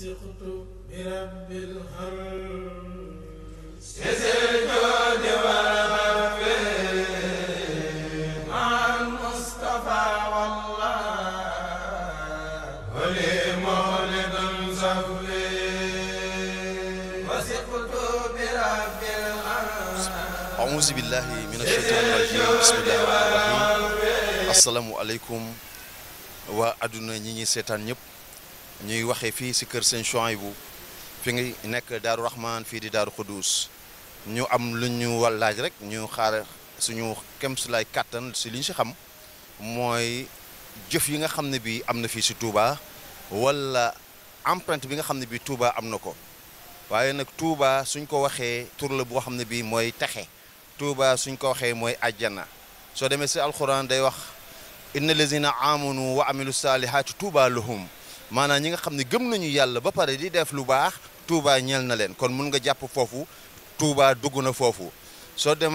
وثقت برب الخلق auzu billahi min asheytaani rajim bismillahi rahmaani rahim asalaamualeykum waa àdduna ñi ñuy seetaan ñëpp ñuy waxe fi ci kër seigne Chouaïbou fi ngay nek Daaru Rahman fi di Daaru khodous ñu am luñu walaj rek ñu xaar suñu kem sulay katan ci liñ ci xam moy jëf yi nga xamne bi amna fi ci Touba wala empreinte bi nga xamne bi Touba amna ko waye nak Touba suñ ko waxe tour la bo xamne bi moy taxé Touba suñ ko waxe moy aljana so demé ci alcorane day wax inna lazina amanu wa amilu saalihaati Touba lahum maanaam ñi nga xam ne gëm nañu yàlla ba pare di def lu baax Touba ñel na leen kon mun nga jàpp foofu Touba dugg na foofu soo te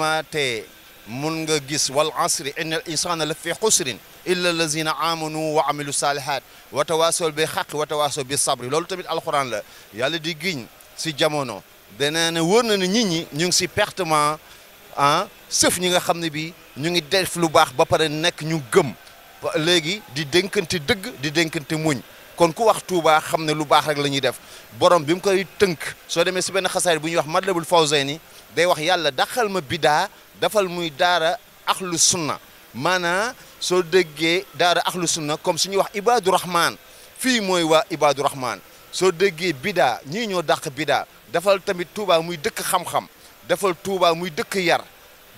mun nga gis wal asri inna al insana la fi xusrin illa allazina amanu wa amilu salihat wa tawaasaw bi xaq wa tawaasaw bi sabri loolu tamit alxuraan la yàlla di giñ si jamono danaa ne wóor na ne nit ñi ñu ngi si pertement ah sëf ñi nga xam ne bi ñu ngi def lu baax ba pare nekk ñu gëm léegi di dénkante dëgg di dénkante muñ kon ku wax Touba xamne lu bax rek lañuy def borom bim koy teunk so demé ci ben xasaay buñ wax madlabul fawzaini day wax yàlla dakhal ma bida dafal muy dara axlu sunna mana so degge dara axlu sunna comme suñuy wax ibadur Rahman fi moy wa ibadur Rahman so degge bida ñi ñoo dàq bida dafal tamit Touba muy dëkk xam-xam dafal Touba muy dëkk yar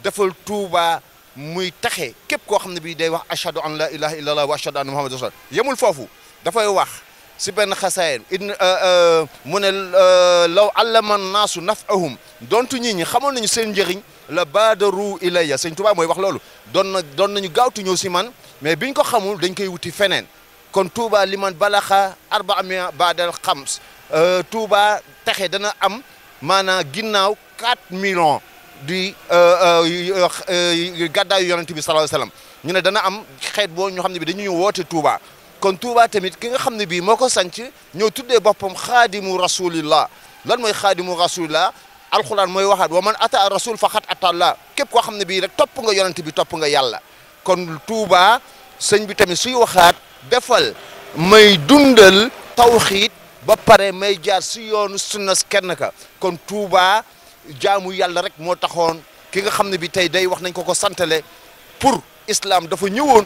dafal Touba muy taxe kep ko xamne bi day wax ashhadu an la ilaha illallah wa ashhadu anna muhammadan rasulullah yamul fofu dafay wax si benn xasaayam idna euh, euh, mu ne euh, law allama naasu nafahum dontu ñit ñi xamoon nañu seen njëriñ la baadaru ilayya sëñ Tuubaa mooy wax loolu doon na doon nañu gaawtu ñëw si man mais biñ ko xamul dañ koy wuti feneen kon Touba li man balaxa arba amia baadal xams Touba taxe dana am maanaam ginnaaw 4 millions di gàddaayu yonent bi sallallahu alayhi ñu ne dana am xeet boo ñu xam ne bi dañuy woote Touba kon Touba tamit ki nga xam ne bii moo ko sanc ñoo tuddee boppam xaadimu rasulillah lan mooy xaadimu rasulillah alxuraan mooy waxaat wa man ata rasul faqat atallah képp koo xam ne bii rek topp nga yonent bi topp nga yàlla kon Touba sëñ bi tamit suy waxaat defal may dundal tawxiit ba pare may jaar si yoonu sunnas kenn ka kon Touba jaamu yàlla rek moo taxoon ki nga xam ne bi tey day wax nañ ko ko santale pour islam dafa ñëwoon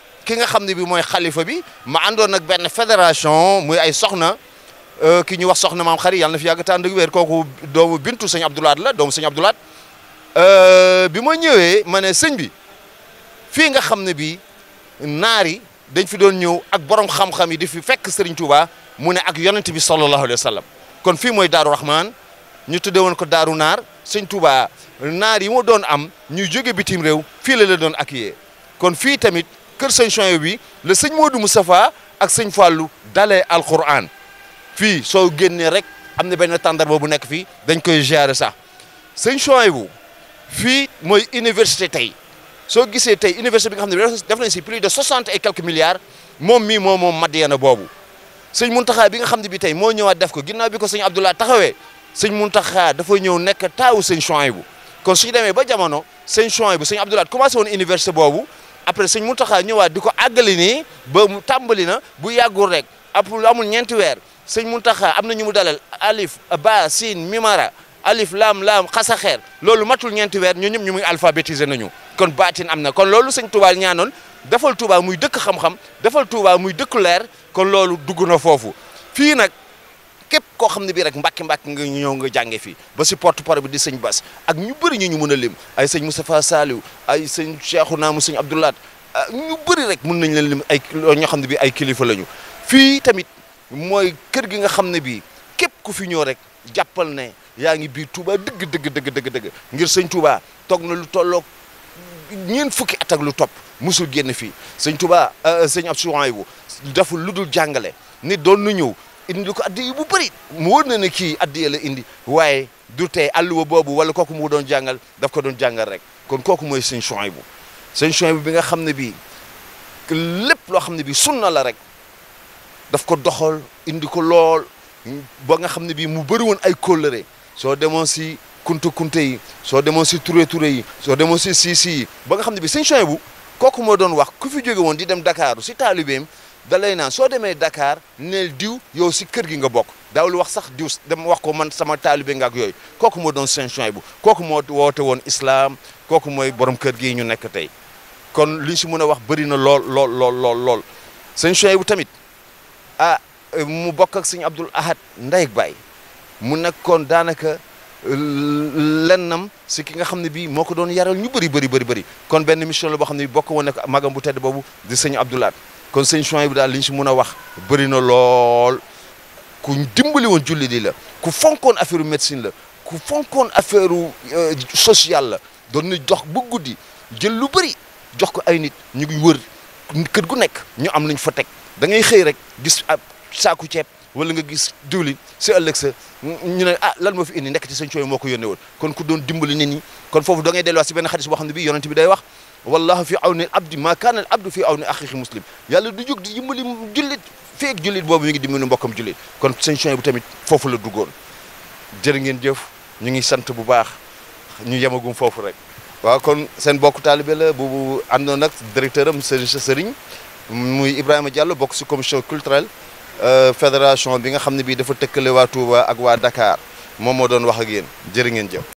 ki nga xamni bi moy khalifa bi ma andon nag ben fédération muy ay soxna euh ki ñu wax soxna maam xari yàlla na fi yag tànn ak wer koku doomu bintu seigne abdoulad la doomu seigne abdoulad euh bi ma ñewé mané seigne bi fi nga xamni bi naar dañ fi doon ñëw ak borom xam-xam yi di fi fekk seigne Touba mu ne ak yonent bi sallallahu alayhi wasallam kon fi moy daru Rahman ñu tudde won ko daru nar seigne Touba naar yi mu doon am ñu jóge bitim rew fi la la doon akiyé kon fi tamit kër sëñ Chouaïb bi le seigne Modou Moustapha ak sëñ Fallou dalee alquran fi so génnee rek am ben benn bobu nek fi dañ koy gérer ça seigne Chouaïb bu fi moy université tay so gissé tay université bi nga xamné def nañ ci plus de 60 et quelques milliards mom mi mom moom Madiana boobu sëñ Mountakha bi nga xamné bi tay mo ñëwa def ko ginnaw bi ko seigne abdoullah taxawé seigne Mountakha dafa ñëw nek taawu seigne Chouaïb bu kon suñu démé ba jamono seigne Chouaïb bu seigne abdoullah commencé won université bobu après sëñ Mountakha ñëwaat di ko àggali nii ba mu tàmbali na bu yàggul rek apul amul ñeenti weer sëñ Mountakha am na ñu mu dalal alif ba sin mimara alif laam laam xasaxeer loolu matul ñeenti weer ñoo ñëpp ñu muy alphabétisé nañu kon baatin am na kon loolu sëñ Touba ñaanoon defal Touba muy dëkk xam-xam defal Touba muy dëkk leer kon loolu dugg na foofu fii koo xam ne bii rek mbàkki mbàkki nga ñëw nga jàngee fii ba si porte-parole bi di sëñ bas ak ñu bëri ñu ñu mun a lim ay sëñ Moustapha Saliou ay sëñ Cheikhouna mu sëñ Abdoulaat ah, ñu bëri rek mën nañ leen lim ay ñoo xam ne bii ay kilifa lañu fii tamit mooy kër gi nga xam ne bii képp ku fi ñëw rek jàppal ne yaa ngi biir Touba dëgg dëgg dëgg dëgg ngir sëñ Touba toog na lu tollook ñeent fukki at ak lu topp musul génn fii sëñ Touba ah, sëñ Abdou Souhaïbou deful lu dul jàngale nit doon na ñëw indi ko addi bu bëri mu wóor na ne kii addi la indi waaye du te alluwa boobu wala kooku mu doon jàngal daf ko doon jàngal rek kon kooku mooy sëñ bu sëñ Chouaïbou bi nga xam ne bii lépp loo xam ne bii sunna la rek daf ko doxal indi ko lool ba nga xam ne bii mu bëri woon ay kóllëre soo demoon si kunta kunte yi soo demoon si ture ture yi soo demoon si siisi yi ba nga xam ne bii sëñ Chouaïbou kooku moo doon wax ku fi jóge woon di dem dakaaru si taalibeem da lay naan soo demee dakaar neel diw yow si kër gi nga bokk daawul wax sax diw dama wax ko man sama taalibe nga ak yooyu kooku moo doon Serigne Souhaïbou kooku moo woote woon islaam kooku mooy borom kër gi ñu nekk tey kon li si mën a wax bëri na lool lool lool lool lool Serigne Souhaïbou tamit ah mu bokk ak Serigne Abdoul Ahad ndey ak baay mu nekkoon daanaka lennam si ki nga xam ne bii moo ko doon yaral ñu bëri bëri bëri bëri kon benn mission la boo xam ne bi bokk woon ne magam bu tedd boobu di Serigne Abdoul Ahad kon sëñ Chouaib bi daal li ñu si mun a wax bëri na lool ku dimbali woon julli di la ku fonkoon affaire médecine la ku fonkoon affaire euh, sociale la doon na jox bu guddi jël lu bëri jox ko ay nit ñu ngi wër kër gu nekk ñu am nañ fa teg da ngay xëy rek gis ab saaku ceeb wala nga gis diwlin si ëllëg sa ñu ne ah lan moo fi indi nekk ci sëñ moo ko yónnee woon kon ku doon dimbali nit kon foofu da ngay si benn xadis boo xam ne bii yonent bi day wax والله في عون العبد ما كان العبد في عون اخيه مسلم يلا دوجوك دي يملي جليت فيك جليت بوبو ميغي ديمي نوبكم جليت كون سين شوي بو تاميت فوفو لا دوغون جير نين جيف نيغي سانت بو باخ ني يماغوم فوفو ريك وا كون سين بوك طالب لا بوبو اندو ناك ديريكتورم سيرين سيرين موي ابراهيم ديالو بوك سي كوميسيون كولترال فيدراسيون بيغا خامني بي دا فا تكلي وا توبا اك وا دكار مومو دون واخ اك يين جير نين جيف